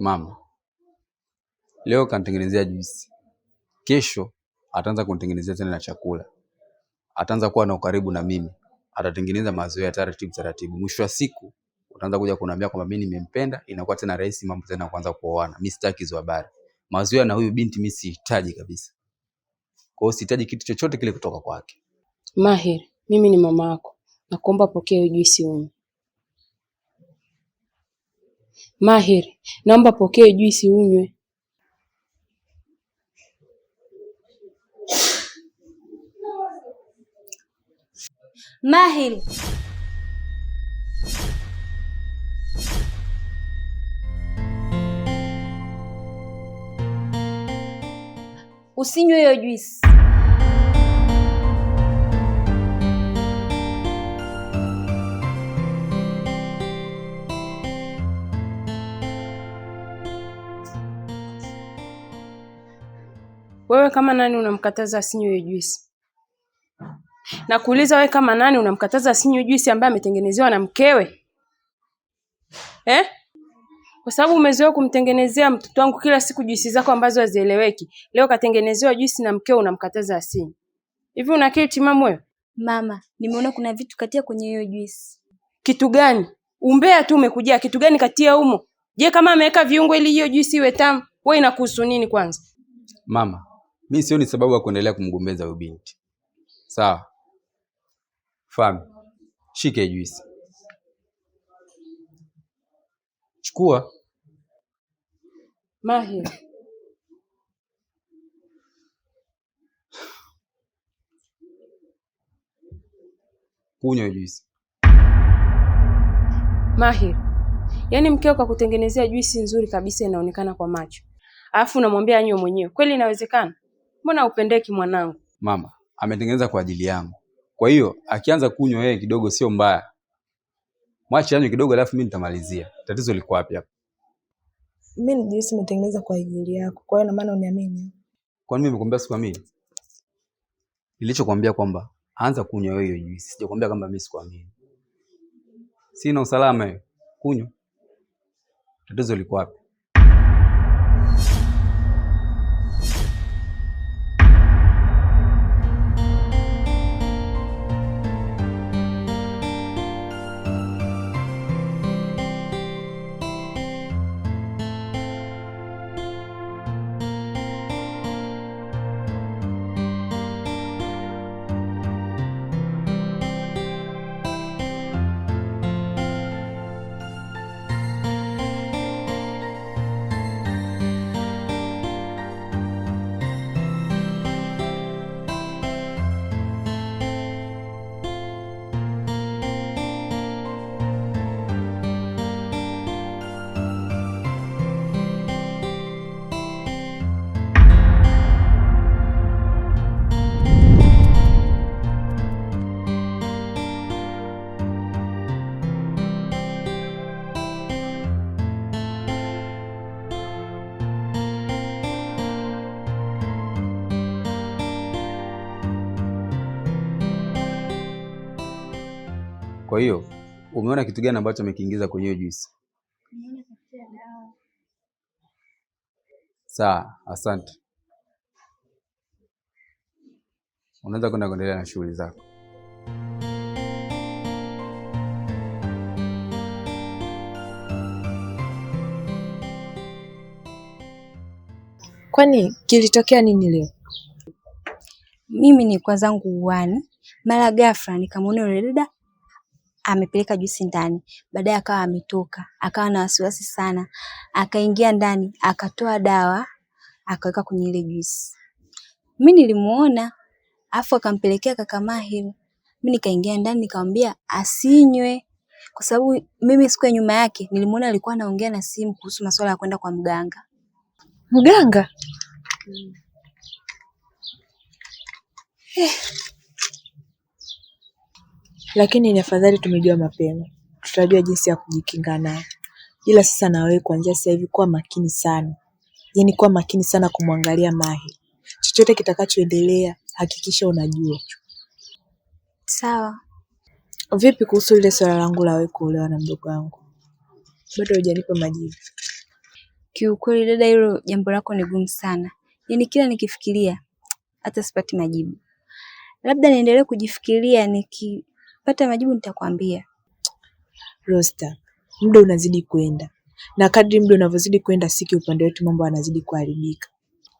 mama, leo kanitengenezea juisi, kesho ataanza kunitengenezea tena na chakula, ataanza kuwa na ukaribu na mimi, atatengeneza mazoea taratibu taratibu, mwisho wa siku utaanza kuja kuniambia kwamba mimi nimempenda, inakuwa tena rahisi mambo tena kuanza kuoana. Mimi sitaki hizo habari, mazoea na huyu binti mimi sihitaji kabisa. Kwa hiyo sihitaji kitu chochote kile kutoka kwake. Mahir, mimi ni mama yako, nakuomba pokea juisi unywe. Mahir, naomba pokee juisi unywe. Mahir. Usinywe hiyo juisi. Wewe kama nani unamkataza asinywe hiyo juisi? Nakuuliza wewe kama nani unamkataza asinywe juisi ambaye ametengenezewa na mkewe eh? Kwa sababu umezoea kumtengenezea mtoto wangu kila siku juisi zako ambazo hazieleweki. Leo katengenezewa juisi na mkewe, unamkataza asinywe. Hivi unakiri timamu wewe? Mama, nimeona kuna vitu katia kwenye hiyo juisi. Kitu gani? Umbea tu umekuja Kitu gani katia humo? Je, kama ameweka viungo ili hiyo juisi iwe tamu, wewe inakuhusu nini kwanza? Mama, mi sioni sababu ya kuendelea kumgombeza huyo binti. Sawa, Fahamu, shike juisi, chukua Mahi. Kunywa juisi. Mahir, yaani mkeo kakutengenezea juisi nzuri kabisa, inaonekana kwa macho, alafu unamwambia anywe mwenyewe. Kweli inawezekana? Mbona upendeki mwanangu? Mama ametengeneza kwa ajili yangu, kwa hiyo akianza kunywa yeye kidogo sio mbaya. Mwache anywe kidogo, alafu mimi nitamalizia. Tatizo liko wapi hapa? Mimi nijihisi nimetengeneza kwa ajili yako, kwa hiyo na maana uniamini. Kwa nini nimekuambia sikuamini? Nilichokuambia kwamba anza kunywa wewe hiyo juisi, sijakwambia kwamba mimi sikuamini. Sina usalama, kunywa. Tatizo liko wapi? Kwa hiyo umeona kitu gani ambacho amekiingiza kwenye hiyo juisi? Sawa, asante. Unaweza kwenda kuendelea na shughuli zako. Kwani kilitokea nini leo? Mimi ni kwa zangu uani, mara ghafla nikamwona yule dada amepeleka juisi ndani, baadaye akawa ametoka, akawa na wasiwasi sana, akaingia ndani, akatoa dawa akaweka kwenye ile juisi. Mimi nilimuona afu akampelekea kaka Mahir. Mimi nikaingia ndani nikamwambia asinywe, kwa sababu mimi siku ya nyuma yake nilimuona alikuwa anaongea na simu kuhusu masuala ya kwenda kwa mganga. Mganga? Hmm. Eh. Lakini ni afadhali tumejua mapema. Tutajua jinsi ya kujikinga nayo. Ila sasa na wewe kuanzia sasa hivi kuwa makini sana. Yaani kuwa makini sana kumwangalia Mahi. Chochote kitakachoendelea hakikisha unajua. Sawa. Vipi kuhusu ile swala langu la wewe kuolewa na mdogo wangu? Bado hujanipa majibu. Kiukweli dada, hilo jambo lako ni gumu sana. Yaani kila nikifikiria hata sipati majibu. Labda niendelee kujifikiria niki nikipata majibu nitakwambia. Rosta, muda unazidi kwenda na kadri muda unavyozidi kwenda Siki, upande wetu mambo yanazidi kuharibika.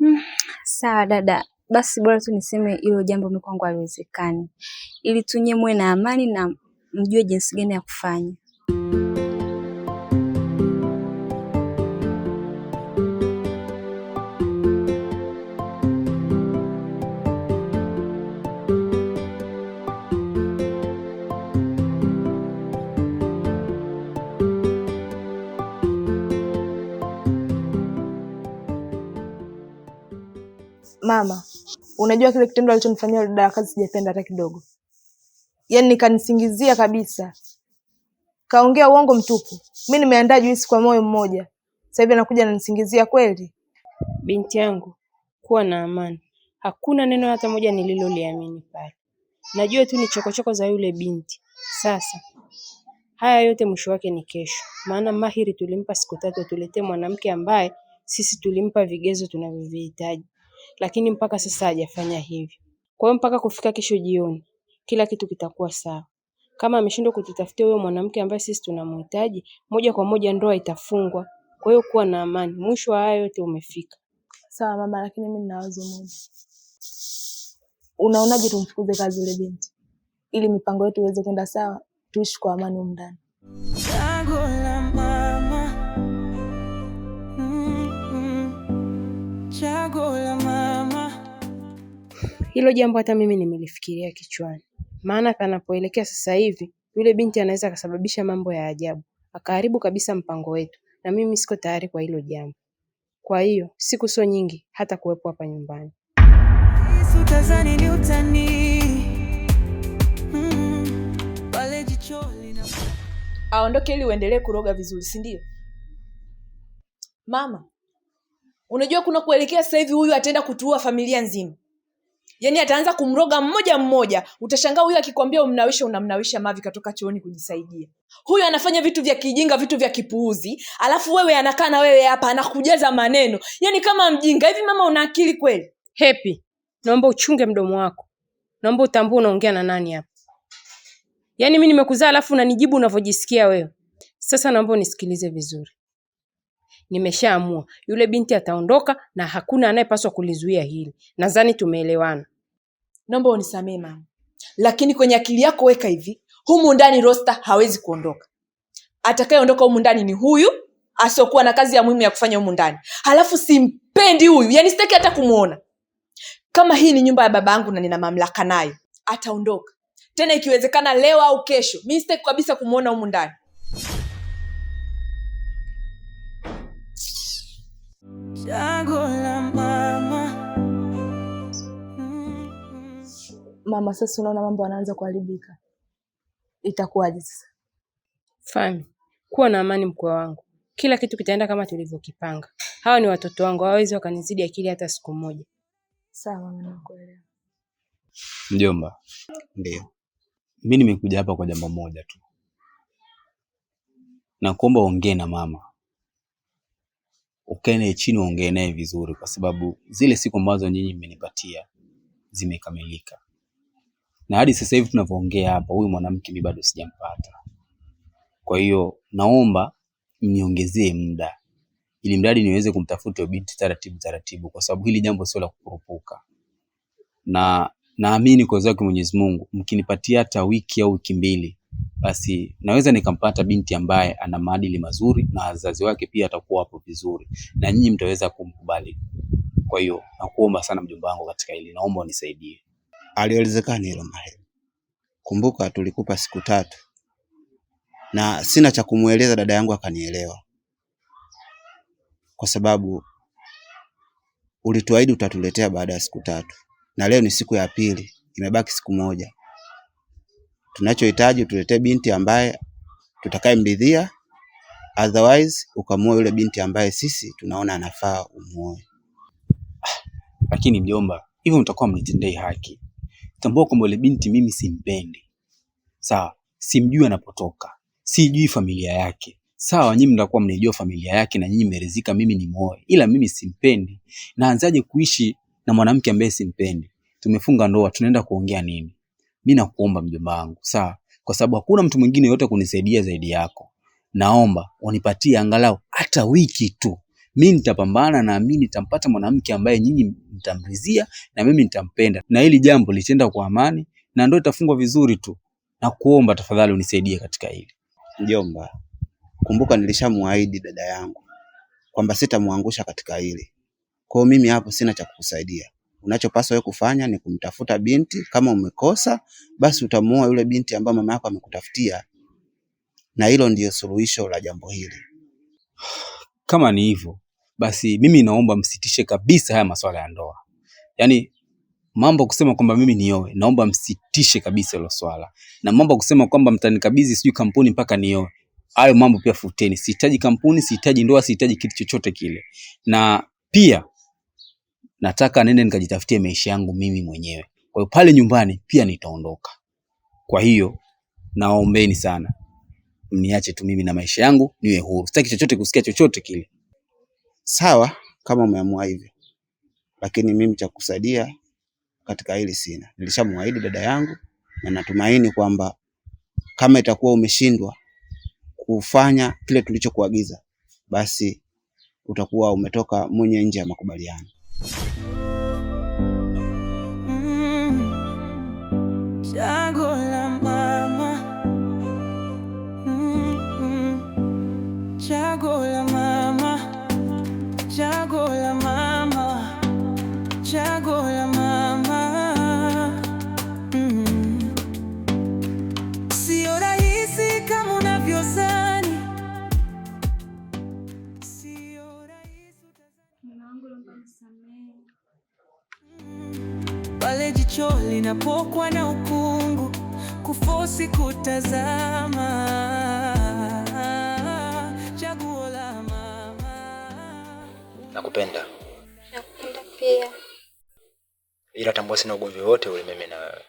Mm, sawa dada, basi bora tu niseme hilo jambo mikwangu haliwezekani, ili tu nyie muwe na amani na mjue jinsi gani ya kufanya. mama, unajua kile kitendo alichonifanyia dada wa kazi sijapenda hata kidogo. Yaani nikanisingizia kabisa, kaongea uongo mtupu. Mi nimeandaa juisi kwa moyo mmoja, sasa hivi anakuja ananisingizia kweli? Binti yangu, kuwa na amani, hakuna neno hata moja nililoliamini pale. Najua tu ni chokochoko za yule binti. Sasa haya yote mwisho wake ni kesho, maana Mahiri tulimpa siku tatu atuletee mwanamke ambaye sisi tulimpa vigezo tunavyovihitaji lakini mpaka sasa hajafanya hivyo. Kwa hiyo mpaka kufika kesho jioni kila kitu kitakuwa sawa. Kama ameshindwa kututafutia huyo mwanamke ambaye sisi tunamhitaji, moja kwa moja ndoa itafungwa. Kwa hiyo kuwa na amani, mwisho wa haya yote umefika. Sawa mama, lakini mimi nina wazo moja. Unaonaje tumfukuze kazi yule binti ili mipango yetu iweze kwenda sawa, tuishi kwa amani huko ndani. Hilo jambo hata mimi nimelifikiria kichwani, maana panapoelekea sasa hivi yule binti anaweza akasababisha mambo ya ajabu, akaharibu kabisa mpango wetu, na mimi siko tayari kwa hilo jambo. Kwa hiyo siku sio nyingi hata kuwepo hapa nyumbani. Hmm, Aondoke ili uendelee kuroga vizuri, si ndio? Mama, unajua kuna kuelekea sasa hivi huyu ataenda kutuua familia nzima yani ataanza kumroga mmoja mmoja, utashangaa huyu akikwambia umnawisha, unamnawisha mavi katoka chooni kujisaidia. Huyu anafanya vitu vya kijinga, vitu vya kipuuzi, alafu wewe anakaa na wewe hapa anakujaza maneno, yani kama mjinga hivi. Mama, una akili kweli? hepi naomba uchunge mdomo wako, naomba utambue unaongea na nani hapa. yaani mimi nimekuzaa, alafu unanijibu unavyojisikia wewe. Sasa naomba unisikilize vizuri, nimeshaamua yule binti ataondoka na hakuna anayepaswa kulizuia hili. Nadhani tumeelewana naomba unisamee mama, lakini kwenye akili yako weka hivi, humu ndani Rosta hawezi kuondoka. Atakayeondoka humu ndani ni huyu asiokuwa na kazi ya muhimu ya kufanya humu ndani, halafu simpendi huyu, yani sitaki hata kumwona. Kama hii ni nyumba ya baba yangu na nina mamlaka nayo, ataondoka tena, ikiwezekana leo au kesho. Mi sitaki kabisa kumwona humu ndani. mama, sasa unaona mambo yanaanza kuharibika, itakuwaje sasa? Fani, kuwa na amani mkwe wangu, kila kitu kitaenda kama tulivyokipanga. Hawa ni watoto wangu, hawawezi wakanizidi akili hata siku moja. Sawa, nakuelewa mjomba. Ndio, mi nimekuja hapa kwa jambo moja tu, nakuomba ongee na mama ukae naye chini, ongee naye vizuri, kwa sababu zile siku ambazo nyinyi mmenipatia zimekamilika na hadi sasa hivi tunavyoongea hapa, huyu mwanamke mimi bado sijampata. Kwa hiyo naomba mniongezee muda, ili mradi niweze kumtafuta binti taratibu taratibu, kwa sababu hili jambo sio la kukurupuka, na naamini kwa zake Mwenyezi Mungu, mkinipatia hata wiki au wiki mbili, basi naweza nikampata binti ambaye ana maadili mazuri na wazazi wake pia atakuwa hapo vizuri, na nyinyi mtaweza kumkubali. Kwa hiyo nakuomba sana mjomba wangu katika hili, naomba unisaidie aliwezekani hilo marehemu. Kumbuka tulikupa siku tatu na sina cha kumweleza dada yangu akanielewa, kwa sababu ulituahidi utatuletea baada ya siku tatu, na leo ni siku ya pili, imebaki siku moja. Tunachohitaji utuletee binti ambaye tutakayemridhia, otherwise ukamuoe yule binti ambaye sisi tunaona anafaa umuoe. Ah, lakini mjomba, hivyo mtakuwa mnitendei haki tambua kwamba yule binti mimi simpendi, sawa? Simjui anapotoka, sijui familia yake, sawa? Nyinyi mtakuwa mnaijua familia yake na nyinyi mmerizika, mimi ni moe, ila mimi simpendi. Naanzaje kuishi na mwanamke ambaye simpendi? Tumefunga ndoa, tunaenda kuongea nini? Mimi nakuomba mjomba wangu, sawa? Kwa sababu hakuna mtu mwingine yote kunisaidia zaidi yako, naomba unipatie angalau hata wiki tu mi nitapambana na mi nitampata mwanamke ambaye nyinyi mtamrizia na mimi nitampenda, na hili jambo litenda kwa amani na ndoa itafungwa vizuri tu. Na kuomba tafadhali unisaidie katika hili mjomba. Kumbuka nilishamwaahidi dada yangu kwamba sitamwangusha katika hili. Kwa hiyo mimi hapo sina cha kukusaidia. Unachopaswa wewe kufanya ni kumtafuta binti. Kama umekosa basi, utamuoa yule binti ambaye mama yako amekutafutia, na hilo ndiyo suluhisho la jambo hili. Kama ni hivyo, basi mimi naomba msitishe kabisa haya masuala ya ndoa. Yaani mambo kusema kwamba mimi nioe, naomba msitishe kabisa hilo swala, na mambo kusema kwamba mtanikabidhi sijui kampuni mpaka nioe, hayo mambo pia futeni. Sihitaji kampuni, sihitaji ndoa, sihitaji kitu chochote kile, na pia nataka nende nikajitafutie maisha yangu mimi mwenyewe. Kwa hiyo pale nyumbani pia nitaondoka. Kwa hiyo naombeni sana mniache tu mimi na maisha yangu niwe huru, sitaki chochote kusikia chochote kile sawa kama umeamua hivyo, lakini mimi cha kusaidia katika hili sina. Nilishamwahidi dada yangu, na natumaini kwamba kama itakuwa umeshindwa kufanya kile tulichokuagiza, basi utakuwa umetoka mwenye nje ya makubaliano. linapokwa na ukungu, kufosi kutazama. Chaguo la mama. Nakupenda. Nakupenda pia, ila tambua sina ugomvi wote ule mimi na wewe.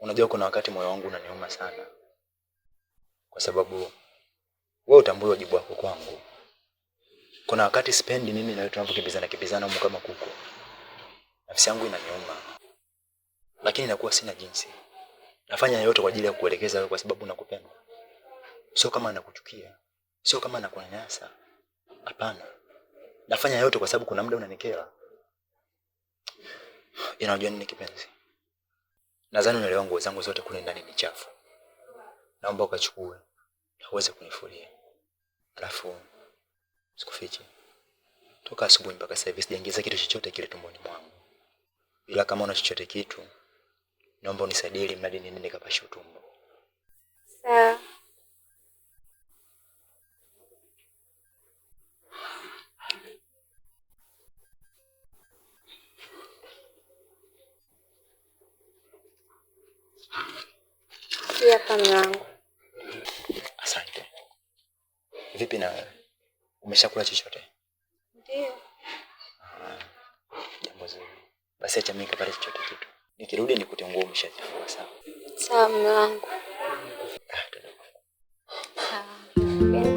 Unajua, kuna wakati moyo wangu unaniuma sana, kwa sababu wewe utambue wajibu wako kwangu. Kuna wakati sipendi mimi na wewe tunapokimbizana kimbizana huko kama kuku Nafsi yangu inaniuma, lakini nakuwa sina jinsi. Nafanya yote kwa ajili ya kukuelekeza wewe, kwa sababu nakupenda. Sio kama nakuchukia, sio kama nakunyanyasa. Hapana, nafanya yote kwa sababu kuna muda unanikera. Inajua nini kipenzi? Nadhani unaelewa nguo zangu zote kule ndani ni chafu. Naomba ukachukue na uweze kunifulia. Alafu sikufiche, toka asubuhi mpaka sasa hivi sijaingiza kitu chochote kile tumboni mwangu ila kama una chochote kitu naomba unisaidie, ili mradi niende nikapashe utumbo. Sawa. Hapa Asante. Vipi na wewe, umeshakula chochote? Ndio. Basi acha mimi kapata chochote kitu, nikirudi nikute nguo umeshachafua. Sawa ah, sawa, mume wangu. Yaani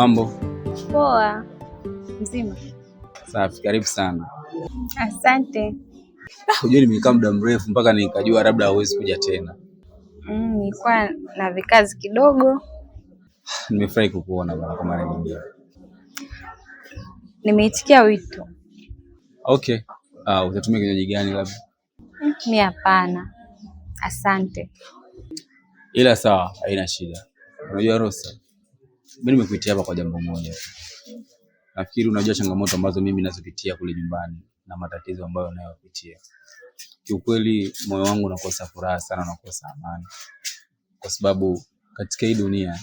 Mambo poa. Mzima. Safi, karibu sana. Asante. Hujua nimekaa muda mrefu mpaka nikajua labda hauwezi kuja tena. Mm, nilikuwa na vikazi kidogo. Nimefurahi kukuona bwana kwa mara nyingine. Nimeitikia wito. Okay. Uh, utatumia kinywaji gani labda? Mm, mi hapana, asante. Ila sawa, haina shida. Unajua Rosa, mimi nimekuitia hapa kwa jambo moja. Nafikiri unajua changamoto ambazo mimi nazopitia kule nyumbani na matatizo ambayo nayopitia. Kiukweli moyo wangu unakosa furaha sana, unakosa amani, kwa sababu katika hii dunia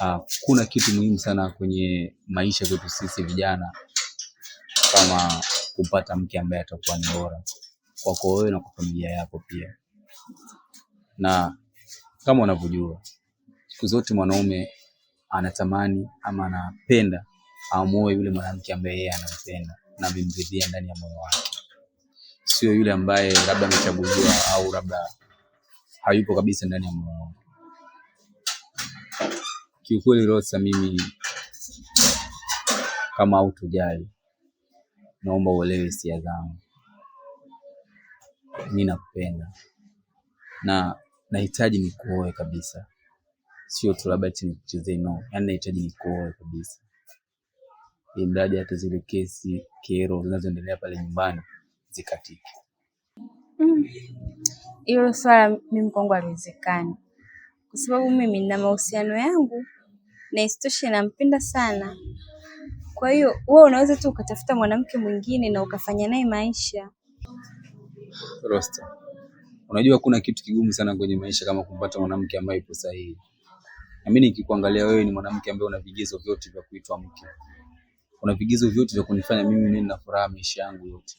ah, hakuna kitu muhimu sana kwenye maisha yetu sisi vijana kama kupata mke ambaye atakuwa ni bora kwako wewe na kwa familia yako pia. Na kama unavyojua siku zote mwanaume anatamani ama anapenda amuoe yule mwanamke ambaye yeye anampenda na amemridhia ndani ya moyo wake, sio yule ambaye labda amechaguliwa au labda hayupo kabisa ndani ya moyo wake. Kiukweli Rosa, mimi kama hautojali, naomba uelewe hisia zangu. Mimi nakupenda na nahitaji nikuoe kabisa sio tu labda eti nikuchezee, no, yani nahitaji nikuoe kabisa, ili hata zile kesi kero zinazoendelea pale nyumbani zikatike. Mm. Hilo mm, swala mimi kwangu haliwezekani, kwa sababu mimi na mahusiano yangu na isitoshe nampenda sana. Kwa hiyo wewe unaweza tu ukatafuta mwanamke mwingine na ukafanya naye maisha. Rosta, unajua kuna kitu kigumu sana kwenye maisha kama kumpata mwanamke ambaye yuko sahihi mimi nikikuangalia wewe ni mwanamke ambaye una vigezo vyote vya kuitwa mke, una vigezo vyote vya kunifanya mimi niwe na furaha maisha yangu yote.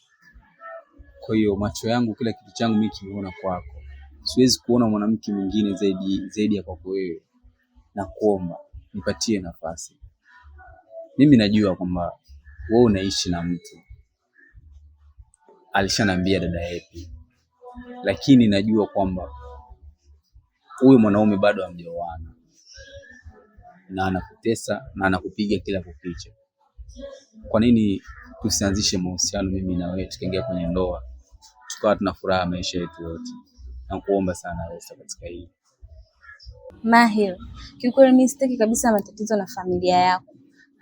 Kwa hiyo macho yangu, kila kitu changu mimi kimeona kwako, siwezi kuona mwanamke mwingine zaidi zaidi ya kwako wewe, na kuomba nipatie nafasi. Mimi najua kwamba wewe unaishi na mtu alishanambia dada yetu, lakini najua kwamba huyo mwanaume bado hamjaoana na anakutesa na anakupiga kila kukicha. Kwa nini tusianzishe mahusiano mimi na wewe, tukaingia kwenye ndoa tukawa tuna furaha maisha yetu yote? Nakuomba sana Rosa katika hii Mahir, kiukweli mimi sitaki kabisa matatizo na familia yako.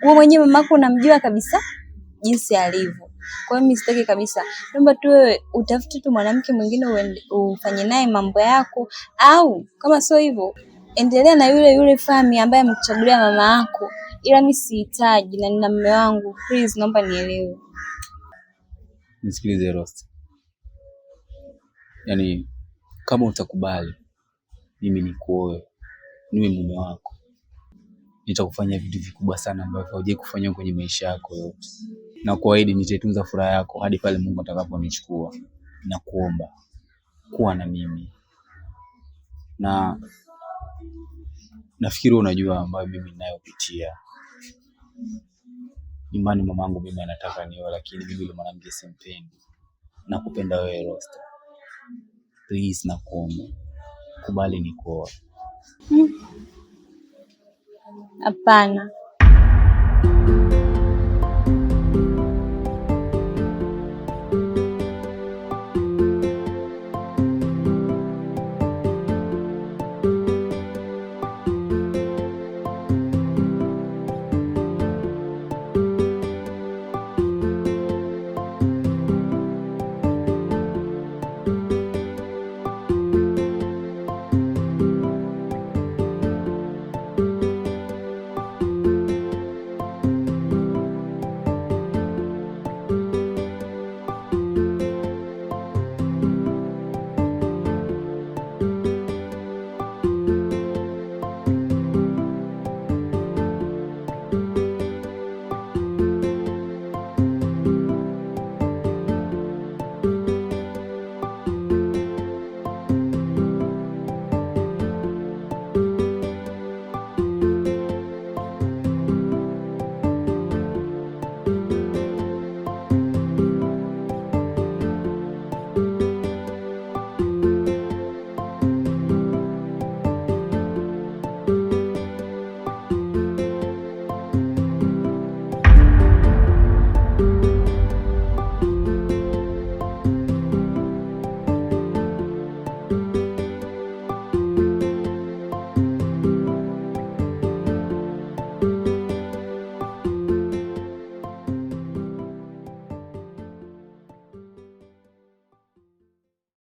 Wewe mwenyewe mamako unamjua kabisa jinsi alivyo. Kwa hiyo mimi sitaki kabisa, naomba tu wewe utafute tu mwanamke mwingine ufanye naye mambo yako, au kama sio hivyo endelea na yule yule fami ambaye amekuchagulia mama yako, ila mimi sihitaji na nina mume wangu. Please, naomba nielewe. Nisikilize Rost, yaani kama utakubali mimi nikuoe niwe mume wako, nitakufanya vitu vikubwa sana ambavyo haujawahi kufanya kwenye maisha yako yote, na kuahidi nitaitunza furaha yako hadi pale Mungu atakaponichukua. Nakuomba kuwa na mimi na Nafikiri unajua ambayo mimi ninayopitia. Imani mamangu mimi anataka niwe, lakini mimi yule mwanamke simpendi. Nakupenda wewe Rosta, please nakuomba kubali nikoa hmm. Hapana.